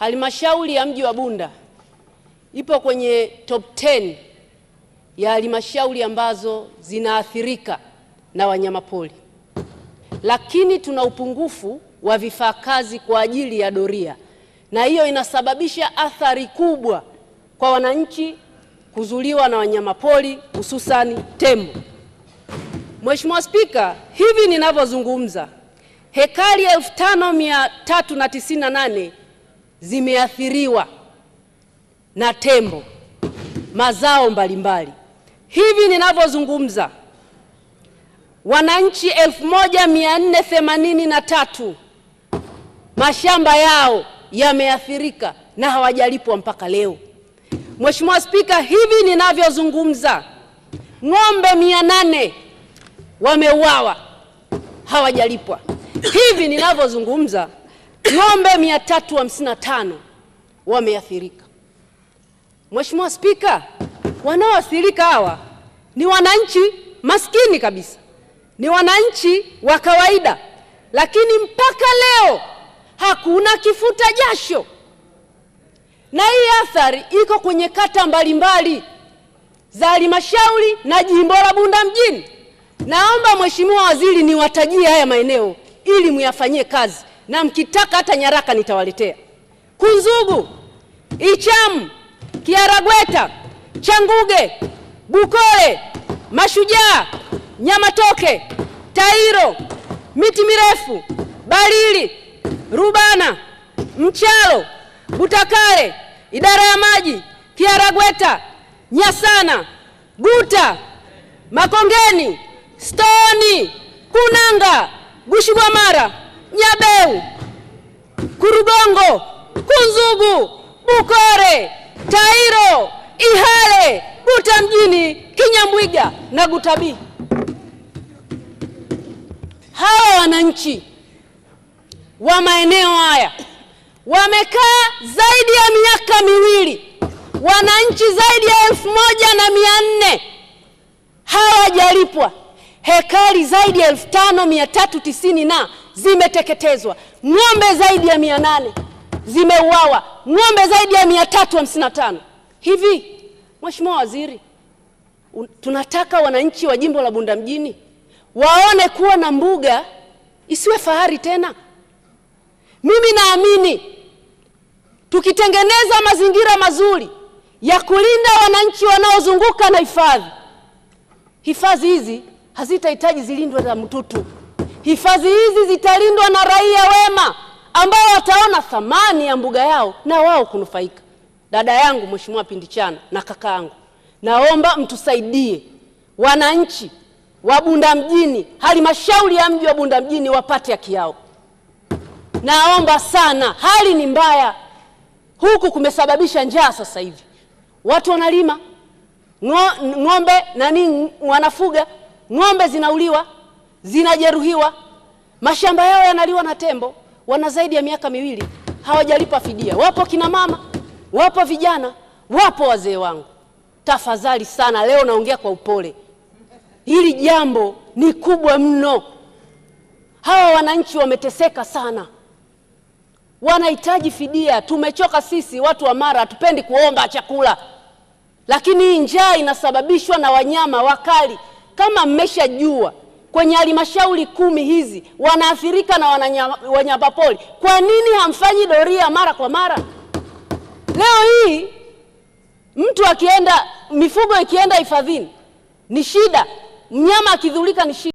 Halmashauri ya mji wa Bunda ipo kwenye top 10 ya halmashauri ambazo zinaathirika na wanyamapori, lakini tuna upungufu wa vifaa kazi kwa ajili ya doria, na hiyo inasababisha athari kubwa kwa wananchi kuzuliwa na wanyamapori hususani tembo. Mheshimiwa Spika, hivi ninavyozungumza, hekari 5398 zimeathiriwa na tembo, mazao mbalimbali. Hivi ninavyozungumza, wananchi 1483 mashamba yao yameathirika na hawajalipwa mpaka leo. Mheshimiwa Spika, hivi ninavyozungumza, ng'ombe 800 wameuawa hawajalipwa. Hivi ninavyozungumza ng'ombe 355 wameathirika. Mheshimiwa Spika, wanaoathirika hawa ni wananchi maskini kabisa, ni wananchi wa kawaida, lakini mpaka leo hakuna kifuta jasho, na hii athari iko kwenye kata mbalimbali za halmashauri na jimbo la Bunda mjini. Naomba Mheshimiwa Waziri niwatajie haya maeneo ili muyafanyie kazi na mkitaka hata nyaraka nitawaletea. Kunzugu, Ichamu, Kiaragweta, Changuge, Bukole, Mashujaa, Nyamatoke, Tairo, Miti Mirefu, Balili, Rubana, Mchalo, Butakale, Idara ya Maji, Kiaragweta, Nyasana, Guta, Makongeni, Stoni, Kunanga, mara Nyabeu, Kurugongo, Kunzugu, Bukore, Tairo, Ihale, Guta Mjini, Kinyamwiga na Gutabii. Hawa wananchi wa maeneo haya wamekaa zaidi ya miaka miwili, wananchi zaidi ya elfu moja na mia nne hawajalipwa hekari zaidi ya elfu tano mia tatu tisini na zimeteketezwa, ng'ombe zaidi ya mia nane zimeuawa, ng'ombe zaidi ya mia tatu hamsini na tano. Hivi Mheshimiwa Waziri, tunataka wananchi wa jimbo la Bunda mjini waone kuwa na mbuga isiwe fahari tena. Mimi naamini tukitengeneza mazingira mazuri ya kulinda wananchi wanaozunguka na hifadhi, hifadhi hizi hazitahitaji zilindwe za mtutu. Hifadhi hizi zitalindwa na raia wema ambao wataona thamani ya mbuga yao na wao kunufaika. Dada yangu Mheshimiwa Pindichana na kaka yangu, naomba mtusaidie wananchi wa Bunda mjini, halmashauri ya mji wa Bunda mjini wapate haki yao. Naomba sana, hali ni mbaya huku, kumesababisha njaa. Sasa hivi watu wanalima ng'ombe nani, wanafuga ng'ombe, zinauliwa zinajeruhiwa, mashamba yao yanaliwa na tembo, wana zaidi ya miaka miwili hawajalipa fidia. Wapo kina mama, wapo vijana, wapo wazee wangu. Tafadhali sana, leo naongea kwa upole, hili jambo ni kubwa mno. Hawa wananchi wameteseka sana, wanahitaji fidia. Tumechoka sisi watu wa Mara, hatupendi kuomba chakula, lakini hii njaa inasababishwa na wanyama wakali. Kama mmeshajua kwenye halmashauri kumi hizi wanaathirika na wanyamapori. Kwa nini hamfanyi doria mara kwa mara? Leo hii mtu akienda, mifugo ikienda hifadhini ni shida, mnyama akidhulika ni shida.